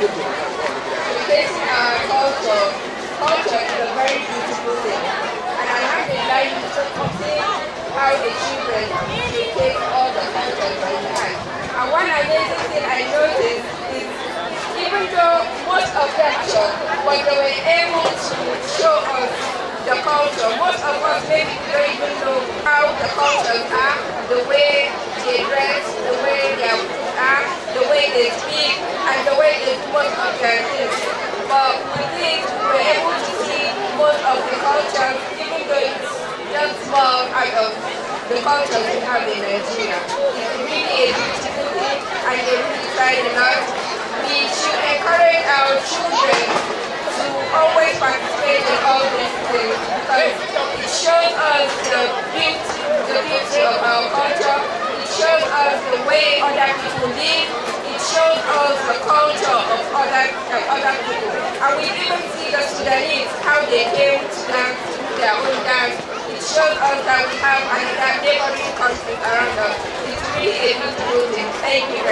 good This uh, culture, culture is a very beautiful thing. And I Alhamdulillah, you to see how the children take all the culture that we have. And one amazing thing I noticed is even though most of them show, but they were able to show us the culture, most of us maybe culture, even though just small part of the culture we have in Nigeria, it's really a beautiful thing and a really exciting lot. We should encourage our children to always participate in all these things because it shows us the beauty, the beauty of our culture, it shows us the way other people live, it shows us the culture of other, of other people. And we even see the Sudanese, how they came to dance that we have and that neighboring countries around us. It's really a thing. Thank you.